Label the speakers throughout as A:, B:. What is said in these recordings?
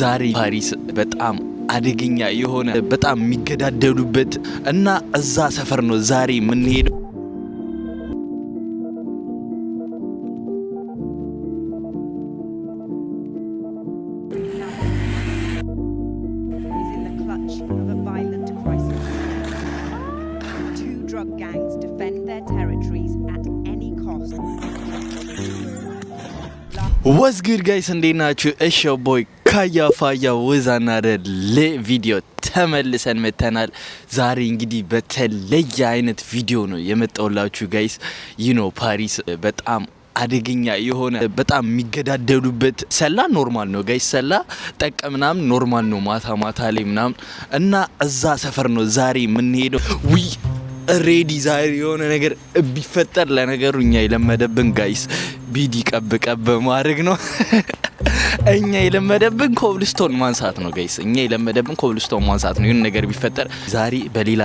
A: ዛሬ ፓሪስ በጣም አደገኛ የሆነ በጣም የሚገዳደሉበት እና እዛ ሰፈር ነው ዛሬ የምንሄደው። ወዝ ጉድ ጋይስ እንዴት ናችሁ? ቦይ ካያ ፋያ ወዛና ለ ቪዲዮ ተመልሰን መተናል። ዛሬ እንግዲህ በተለየ አይነት ቪዲዮ ነው የመጣውላችሁ ጋይስ። ይኖ ፓሪስ በጣም አደገኛ የሆነ በጣም የሚገዳደሉበት ሰላ ኖርማል ነው ጋይስ ሰላ ጠቅ ምናምን ኖርማል ነው ማታ ማታ ላይ ምናምን እና እዛ ሰፈር ነው ዛሬ የምንሄደው። ውይ ሬዲ ዛሬ የሆነ ነገር ቢፈጠር ለነገሩ እኛ የለመደብን ጋይስ ቢዲ ቀብ ቀብ ማድረግ ነው። እኛ የለመደብን ኮብልስቶን ማንሳት ነው ገይስ እኛ የለመደብን ኮብልስቶን ማንሳት ነው። ይሁን ነገር ቢፈጠር ዛሬ በሌላ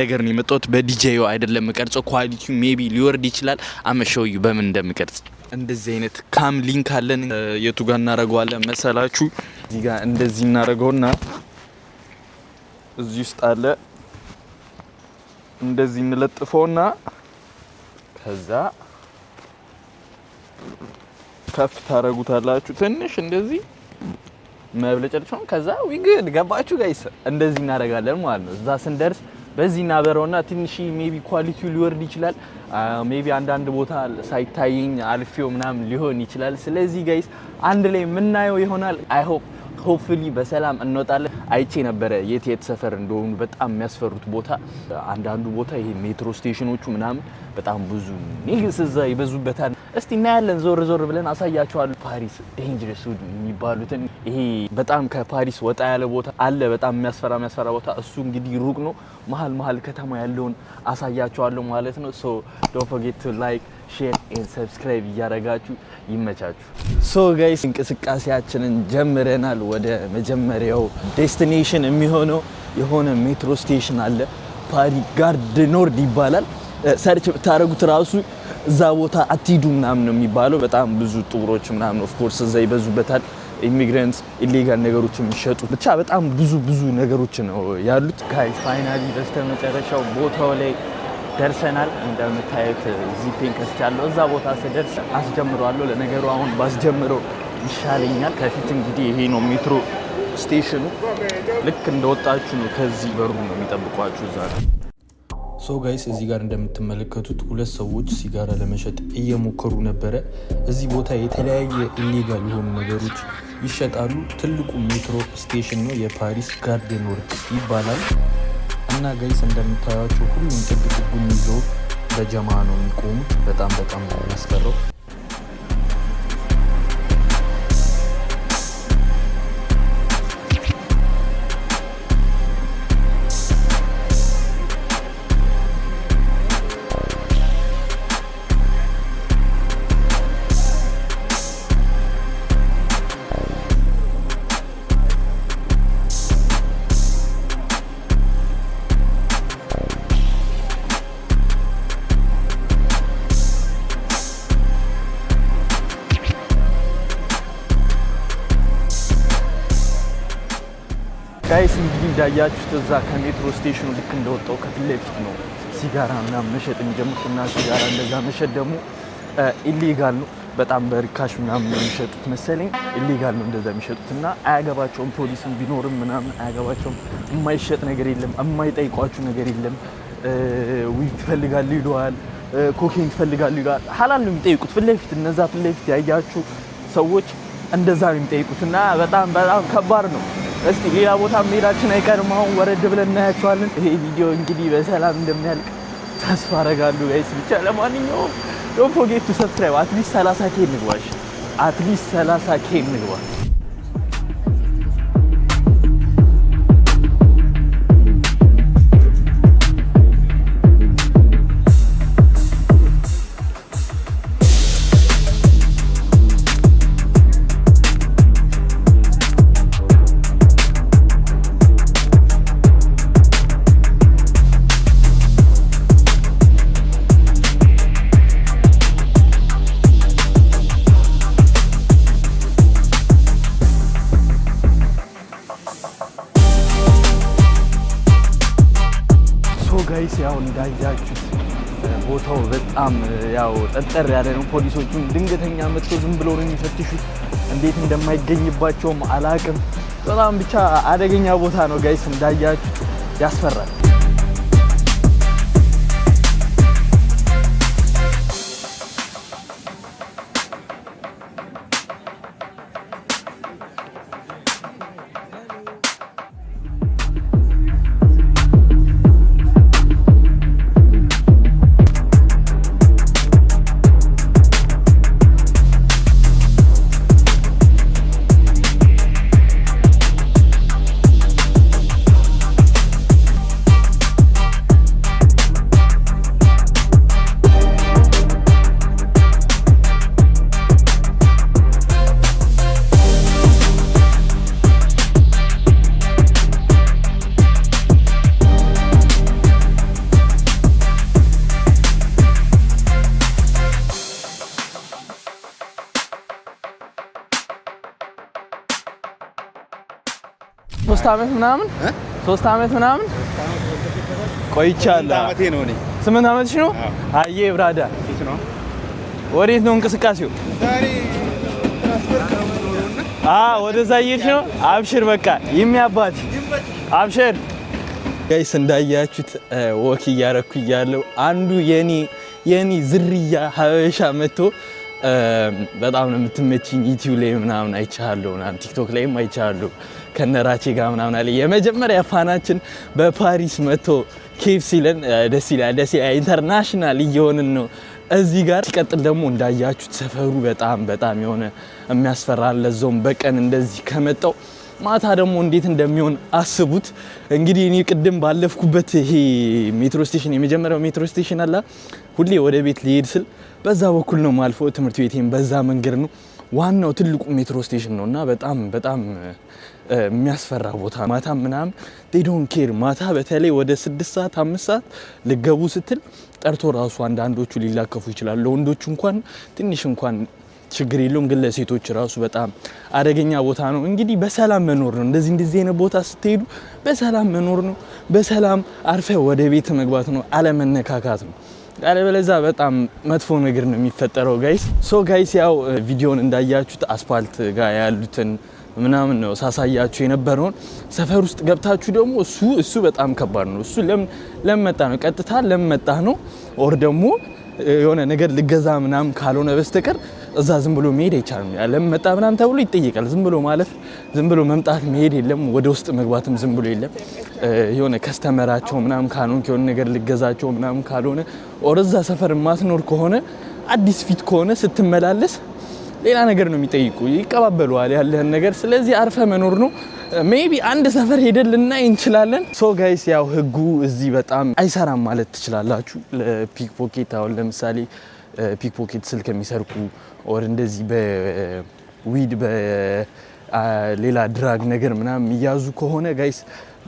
A: ነገር ነው የመጣሁት። በዲጄዮ አይደለም ቀርጾ፣ ኳሊቲ ሜቢ ሊወርድ ይችላል። አመሸውዩ በምን እንደምቀርጽ እንደዚህ አይነት ካም ሊንክ አለን። የቱ ጋር እናደርገዋለን መሰላችሁ? እዚህ ጋር እንደዚህ እናደርገውና እዚህ ውስጥ አለ እንደዚህ እንለጥፈውና ከዛ ከፍ ታደርጉታላችሁ። ትንሽ እንደዚህ መብለጨልቻውን ከዛ ዊግድ ገባችሁ ጋይስ፣ እንደዚህ እናደርጋለን ማለት ነው። እዛ ስንደርስ በዚህ እናበረውና ትንሽ ሜቢ ኳሊቲው ሊወርድ ይችላል። ሜቢ አንዳንድ ቦታ ሳይታየኝ አልፌው ምናምን ሊሆን ይችላል። ስለዚህ ጋይስ አንድ ላይ የምናየው ይሆናል። አይ ሆፕ ሆፕፉሊ በሰላም እንወጣለን። አይቼ ነበረ የት የት ሰፈር እንደሆኑ በጣም የሚያስፈሩት ቦታ። አንዳንዱ ቦታ ይሄ ሜትሮ ስቴሽኖቹ ምናምን በጣም ብዙ ኔግስ እዛ ይበዙበታል። እስቲ እናያለን፣ ዞር ዞር ብለን አሳያቸዋለሁ። ፓሪስ ዴንጀረስ ውድ የሚባሉትን ይሄ በጣም ከፓሪስ ወጣ ያለ ቦታ አለ፣ በጣም የሚያስፈራ የሚያስፈራ ቦታ። እሱ እንግዲህ ሩቅ ነው መሀል መሀል ከተማ ያለውን አሳያችኋለሁ ማለት ነው። ሶ ዶንት ፎርጌት ቱ ላይክ ሼር ኤንድ ሰብስክራይብ እያደረጋችሁ ይመቻችሁ። ሶ ጋይስ እንቅስቃሴያችንን ጀምረናል። ወደ መጀመሪያው ዴስቲኔሽን የሚሆነው የሆነ ሜትሮ ስቴሽን አለ። ፓሪ ጋርድ ኖርድ ይባላል። ሰርች ብታደረጉት ራሱ እዛ ቦታ አትሂዱ ምናምን ነው የሚባለው። በጣም ብዙ ጥቁሮች ምናምን ኦፍኮርስ እዛ ይበዙበታል። ኢሚግራንት ኢሌጋል ነገሮች የሚሸጡ ብቻ በጣም ብዙ ብዙ ነገሮች ነው ያሉት። ጋይ ፋይናሊ በስተ መጨረሻው ቦታው ላይ ደርሰናል። እዚህ ዚፔን ያለው እዛ ቦታ ስደርስ አስጀምረዋለሁ። ለነገሩ አሁን ባስጀምረው ይሻለኛል። ከፊት እንግዲህ ይሄ ነው ሜትሮ ስቴሽኑ። ልክ እንደወጣችሁ ነው ከዚህ በሩ ነው የሚጠብቋችሁ እዛ ሶ ጋይስ እዚህ ጋር እንደምትመለከቱት ሁለት ሰዎች ሲጋራ ለመሸጥ እየሞከሩ ነበረ። እዚህ ቦታ የተለያየ ኢሌጋል የሆኑ ነገሮች ይሸጣሉ። ትልቁ ሜትሮ ስቴሽን ነው። የፓሪስ ጋርዴን ወርክ ይባላል። እና ጋይስ እንደምታያቸው ሁሉም ጥብቅ ቡን ይዞ በጀማ ነው የሚቆሙት። በጣም በጣም ነው ጋይስ እንግዲህ እንዳያችሁት እዛ ከሜትሮ ስቴሽኑ ልክ እንደወጣው ከፊት ለፊት ነው ሲጋራ ምናምን መሸጥ የሚጀምሩት እና ሲጋራ እንደዛ መሸጥ ደግሞ ኢሊጋል ነው። በጣም በርካሽ ምናምን የሚሸጡት መሰለኝ ኢሊጋል ነው እንደዛ የሚሸጡት እና አያገባቸውም። ፖሊስም ቢኖርም ምናምን አያገባቸውም። የማይሸጥ ነገር የለም። የማይጠይቋችሁ ነገር የለም። ዊግ ትፈልጋሉ ይለዋል፣ ኮኬን ትፈልጋሉ ይለዋል። ሀላል ነው የሚጠይቁት ፊት ለፊት እነዛ ፊት ለፊት ያያችሁ ሰዎች እንደዛ ነው የሚጠይቁት እና በጣም በጣም ከባድ ነው። እስቲ ሌላ ቦታ መሄዳችን አይቀርም። አሁን ወረድ ብለን እናያቸዋለን። ይሄ ቪዲዮ እንግዲህ በሰላም እንደሚያልቅ ተስፋ አረጋሉ ጋይስ። ብቻ ለማንኛውም ዶንት ፎርጌት ቱ ሰብስክራይብ። አትሊስት 30 ኬ እንግባ፣ አትሊስት 30 ኬ እንግባ። ያው እንዳያችሁት ቦታው በጣም ያው ጠጠር ያለ ነው። ፖሊሶቹም ድንገተኛ መጥቶ ዝም ብሎ ነው የሚፈትሹት። እንዴት እንደማይገኝባቸውም አላቅም። በጣም ብቻ አደገኛ ቦታ ነው ጋይስ፣ እንዳያችሁት ያስፈራል። አመት ምናምን ሶስት አመት ምናምን ቆይቻለሁ። ስምንት አመትሽ ነው? አየ ብራዳ ወዴት ነው እንቅስቃሴው? አዎ ወደዛ እየሄድሽ ነው? አብሽር በቃ የሚያባት አብሽር። ጋይስ እንዳያችሁት ወክ እያረኩ እያለሁ አንዱ የኔ የኔ ዝርያ ሀበሻ መጥቶ በጣም ነው የምትመችኝ። ዩቲዩብ ላይ ምናምን አይቻለሁ ምናምን ቲክቶክ ላይም አይቻለሁ ከነራቼ ጋር ምናምን አለ። የመጀመሪያ ፋናችን በፓሪስ መጥቶ ኬፍ ሲለን ደስ ይላል፣ ደስ ይላል። ኢንተርናሽናል እየሆንን ነው እዚህ ጋር ሲቀጥል ደግሞ እንዳያችሁት ሰፈሩ በጣም በጣም የሆነ የሚያስፈራ ለዛውም በቀን እንደዚህ ከመጣው ማታ ደግሞ እንዴት እንደሚሆን አስቡት። እንግዲህ እኔ ቅድም ባለፍኩበት ይሄ ሜትሮ ስቴሽን የመጀመሪያው ሜትሮ ስቴሽን አላ ሁሌ ወደ ቤት ሊሄድ ስል በዛ በኩል ነው ማልፎ ትምህርት ቤቴም በዛ መንገድ ነው። ዋናው ትልቁ ሜትሮ ስቴሽን ነው እና በጣም በጣም የሚያስፈራ ቦታ ማታ ምናም ዴዶን ኬር ማታ በተለይ ወደ ስድስት ሰዓት አምስት ሰዓት ልገቡ ስትል ጠርቶ ራሱ አንዳንዶቹ ሊላከፉ ይችላሉ። ለወንዶቹ እንኳን ትንሽ እንኳን ችግር የለውም፣ ግን ለሴቶች ራሱ በጣም አደገኛ ቦታ ነው። እንግዲህ በሰላም መኖር ነው። እንደዚህ እንደዚህ አይነት ቦታ ስትሄዱ በሰላም መኖር ነው። በሰላም አርፈ ወደ ቤት መግባት ነው። አለመነካካት ነው። ያለበለዛ በጣም መጥፎ ነገር ነው የሚፈጠረው ጋይስ። ሶ ጋይስ ያው ቪዲዮን እንዳያችሁት አስፓልት ጋር ያሉትን ምናምን ነው ሳሳያችሁ የነበረውን። ሰፈር ውስጥ ገብታችሁ ደግሞ እሱ እሱ በጣም ከባድ ነው። እሱ ለመጣ ነው ቀጥታ ለመጣ ነው ኦር ደግሞ የሆነ ነገር ልገዛ ምናምን ካልሆነ በስተቀር እዛ ዝም ብሎ መሄድ አይቻልም። ያለም መጣ ምናምን ተብሎ ይጠየቃል። ዝም ብሎ ማለት ዝም ብሎ መምጣት መሄድ የለም። ወደ ውስጥ መግባትም ዝም ብሎ የለም። የሆነ ከስተመራቸው ምናምን ካልሆንክ የሆነ ነገር ልገዛቸው ምናምን ካልሆነ ኦር እዛ ሰፈር ማትኖር ከሆነ አዲስ ፊት ከሆነ ስትመላለስ ሌላ ነገር ነው የሚጠይቁ፣ ይቀባበሉዋል ያለህን ነገር። ስለዚህ አርፈ መኖር ነው። ሜቢ አንድ ሰፈር ሄደን ልናይ እንችላለን። ሶ ጋይስ ያው ህጉ እዚህ በጣም አይሰራም ማለት ትችላላችሁ። ለፒክ ፖኬት አሁን ለምሳሌ ፒክፖኬት ስልክ የሚሰርቁ ኦር እንደዚህ በዊድ በሌላ ድራግ ነገር ምናምን የሚያዙ ከሆነ ጋይስ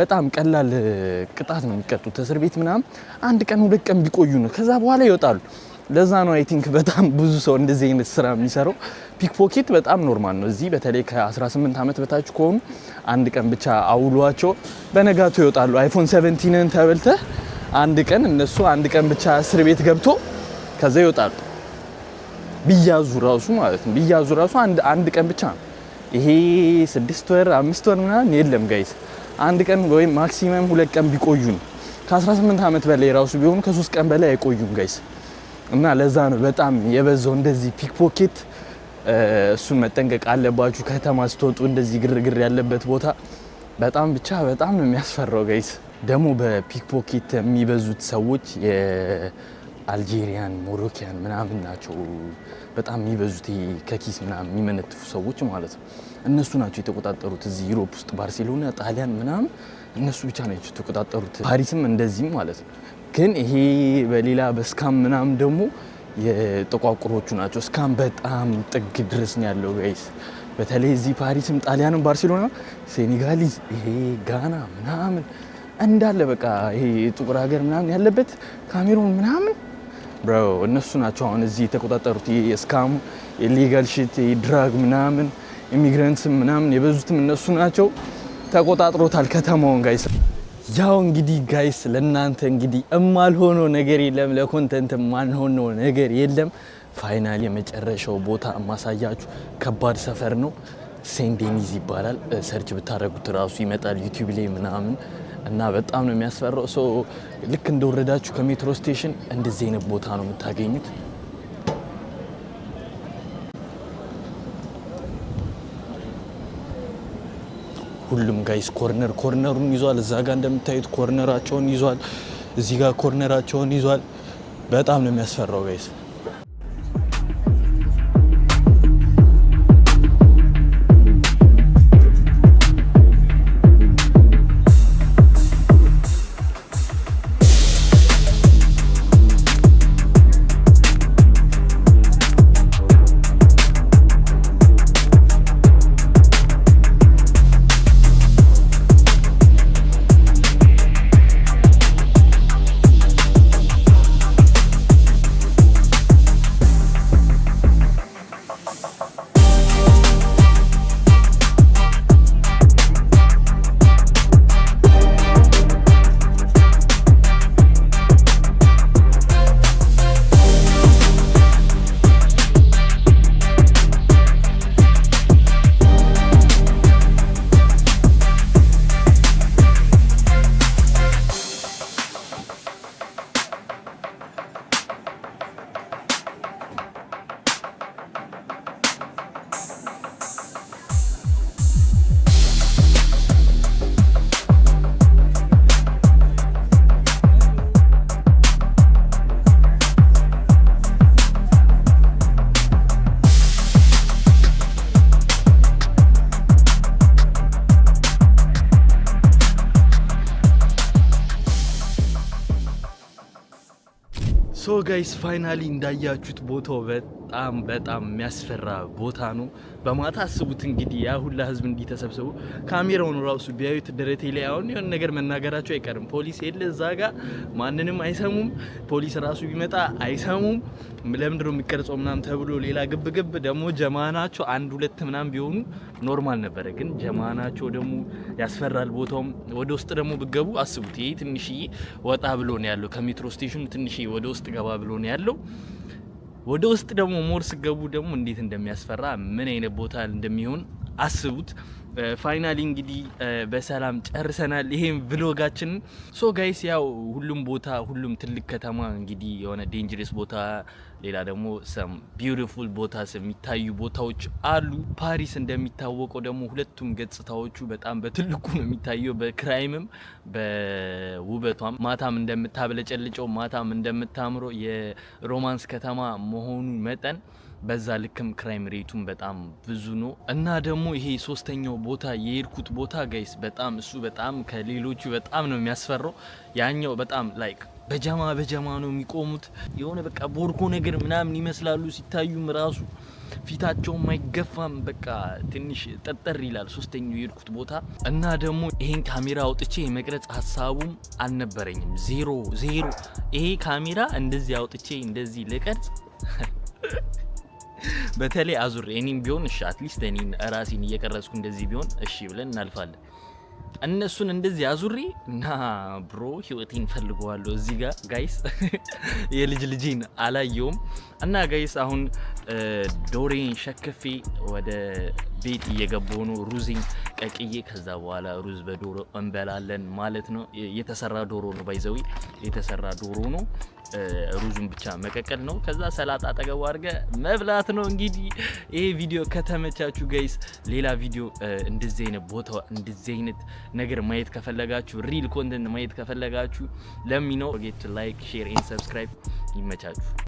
A: በጣም ቀላል ቅጣት ነው የሚቀጡት። እስር ቤት ምናምን አንድ ቀን ሁለት ቀን ቢቆዩ ነው፣ ከዛ በኋላ ይወጣሉ። ለዛ ነው አይ ቲንክ በጣም ብዙ ሰው እንደዚህ አይነት ስራ የሚሰራው። ፒክፖኬት በጣም ኖርማል ነው እዚህ። በተለይ ከ18 ዓመት በታች ከሆኑ አንድ ቀን ብቻ አውሏቸው በነጋቱ ይወጣሉ። አይፎን 17ን ተበልተህ አንድ ቀን እነሱ አንድ ቀን ብቻ እስር ቤት ገብቶ ከዛ ይወጣሉ። ቢያዙ ራሱ ማለት ነው ቢያዙ ራሱ አንድ ቀን ብቻ ነው። ይሄ ስድስት ወር አምስት ወር ምናምን የለም ጋይስ፣ አንድ ቀን ወይም ማክሲመም ሁለት ቀን ቢቆዩ ነው። ከ18 ዓመት በላይ ራሱ ቢሆኑ ከሶስት ቀን በላይ አይቆዩም ጋይስ። እና ለዛ ነው በጣም የበዛው እንደዚህ ፒክ ፖኬት። እሱን መጠንቀቅ አለባችሁ። ከተማ ስትወጡ እንደዚህ ግርግር ያለበት ቦታ በጣም ብቻ በጣም ነው የሚያስፈራው ጋይስ። ደግሞ በፒክ ፖኬት የሚበዙት ሰዎች አልጄሪያን፣ ሞሮኪያን ምናምን ናቸው በጣም የሚበዙት ከኪስ ምናምን የሚመነትፉ ሰዎች ማለት ነው። እነሱ ናቸው የተቆጣጠሩት እዚህ ዩሮፕ ውስጥ ባርሴሎና፣ ጣሊያን ምናምን እነሱ ብቻ ናቸው የተቆጣጠሩት። ፓሪስም እንደዚህም ማለት ነው። ግን ይሄ በሌላ በስካም ምናምን ደግሞ የጠቋቁሮቹ ናቸው። እስካም በጣም ጥግ ድረስ ነው ያለው ጋይስ። በተለይ እዚህ ፓሪስም፣ ጣሊያንም፣ ባርሴሎና፣ ሴኔጋሊዝ ይሄ ጋና ምናምን እንዳለ በቃ ይሄ ጥቁር ሀገር ምናምን ያለበት ካሜሮን ምናምን ብሮ እነሱ ናቸው አሁን እዚህ የተቆጣጠሩት። የስካም የሊጋል ሽት ድራግ ምናምን ኢሚግረንትም ምናምን የበዙትም እነሱ ናቸው ተቆጣጥሮታል ከተማውን ጋይስ። ያው እንግዲህ ጋይስ ለእናንተ እንግዲህ እማልሆኖ ነገር የለም ለኮንተንት ማልሆኖ ነገር የለም። ፋይናል የመጨረሻው ቦታ ማሳያችሁ ከባድ ሰፈር ነው። ሴንት ዴኒዝ ይባላል። ሰርች ብታደረጉት ራሱ ይመጣል ዩቲዩብ ላይ ምናምን እና በጣም ነው የሚያስፈራው። ሰው ልክ እንደወረዳችሁ ከሜትሮ ስቴሽን እንደዚህ አይነት ቦታ ነው የምታገኙት። ሁሉም ጋይስ ኮርነር ኮርነሩን ይዟል። እዛ ጋር እንደምታዩት ኮርነራቸውን ይዟል። እዚህ ጋር ኮርነራቸውን ይዟል። በጣም ነው የሚያስፈራው ጋይስ ጋይስ ፋይናሊ እንዳያችሁት ቦታው በጣም በጣም የሚያስፈራ ቦታ ነው። በማታ አስቡት እንግዲህ ያ ሁላ ህዝብ እንዲተሰብሰቡ ካሜራውን ራሱ ቢያዩት ደረቴ ላይ አሁን የሆነ ነገር መናገራቸው አይቀርም። ፖሊስ የለ እዛ ጋ ማንንም አይሰሙም። ፖሊስ ራሱ ቢመጣ አይሰሙም። ለምንድን ነው የሚቀርጸው ምናም ተብሎ ሌላ ግብ ግብ ደግሞ ጀማናቸው አንድ ሁለት ምናም ቢሆኑ ኖርማል ነበረ። ግን ጀማናቸው ደግሞ ያስፈራል። ቦታውም ወደ ውስጥ ደግሞ ብገቡ አስቡት። ይሄ ትንሽዬ ወጣ ብሎ ነው ያለው ከሜትሮ ስቴሽኑ ትንሽዬ ወደ ውስጥ ገባ ብሎ ነው ያለው። ወደ ውስጥ ደግሞ ሞር ስገቡ ደግሞ እንዴት እንደሚያስፈራ ምን አይነት ቦታ እንደሚሆን አስቡት። ፋይናሊ እንግዲህ በሰላም ጨርሰናል ይሄን ብሎጋችንን። ሶ ጋይስ ያው ሁሉም ቦታ ሁሉም ትልቅ ከተማ እንግዲህ የሆነ ዴንጀረስ ቦታ፣ ሌላ ደግሞ ሰም ቢዩቲፉል ቦታ የሚታዩ ቦታዎች አሉ። ፓሪስ እንደሚታወቀው ደግሞ ሁለቱም ገጽታዎቹ በጣም በትልቁ ነው የሚታየው፣ በክራይምም በውበቷም። ማታም እንደምታብለጨልጨው ማታም እንደምታምረው የሮማንስ ከተማ መሆኑ መጠን በዛ ልክም ክራይም ሬቱን በጣም ብዙ ነው እና ደግሞ ይሄ ሶስተኛው ቦታ የሄድኩት ቦታ ጋይስ በጣም እሱ በጣም ከሌሎቹ በጣም ነው የሚያስፈራው። ያኛው በጣም ላይክ በጃማ በጃማ ነው የሚቆሙት የሆነ በቃ ቦርኮ ነገር ምናምን ይመስላሉ ሲታዩም ራሱ ፊታቸውም አይገፋም። በቃ ትንሽ ጠጠር ይላል ሶስተኛው የሄድኩት ቦታ እና ደግሞ ይሄን ካሜራ አውጥቼ የመቅረጽ ሀሳቡም አልነበረኝም። ዜሮ ዜሮ። ይሄ ካሜራ እንደዚህ አውጥቼ እንደዚህ ልቀርጽ በተለይ አዙሬ እኔም ቢሆን እሺ፣ አትሊስት እኔን ራሴን እየቀረጽኩ እንደዚህ ቢሆን እሺ ብለን እናልፋለን። እነሱን እንደዚህ አዙሬ ና ብሮ ህይወቴን ፈልገዋለሁ። እዚህ ጋር ጋይስ የልጅ ልጅን አላየውም። እና ጋይስ አሁን ዶሬን ሸክፌ ወደ ቤት እየገቡ ነው። ሩዝን ቀቅዬ ከዛ በኋላ ሩዝ በዶሮ እንበላለን ማለት ነው። የተሰራ ዶሮ ነው፣ ባይዘዊ የተሰራ ዶሮ ነው። ሩዙን ብቻ መቀቀል ነው። ከዛ ሰላጣ አጠገቡ አድርገ መብላት ነው። እንግዲህ ይሄ ቪዲዮ ከተመቻችሁ ጋይስ፣ ሌላ ቪዲዮ እንደዚህ አይነት ቦታ እንደዚህ አይነት ነገር ማየት ከፈለጋችሁ፣ ሪል ኮንተንት ማየት ከፈለጋችሁ ለሚ ነው ጌት ላይክ ሼር ኤንድ ሰብስክራይብ። ይመቻችሁ።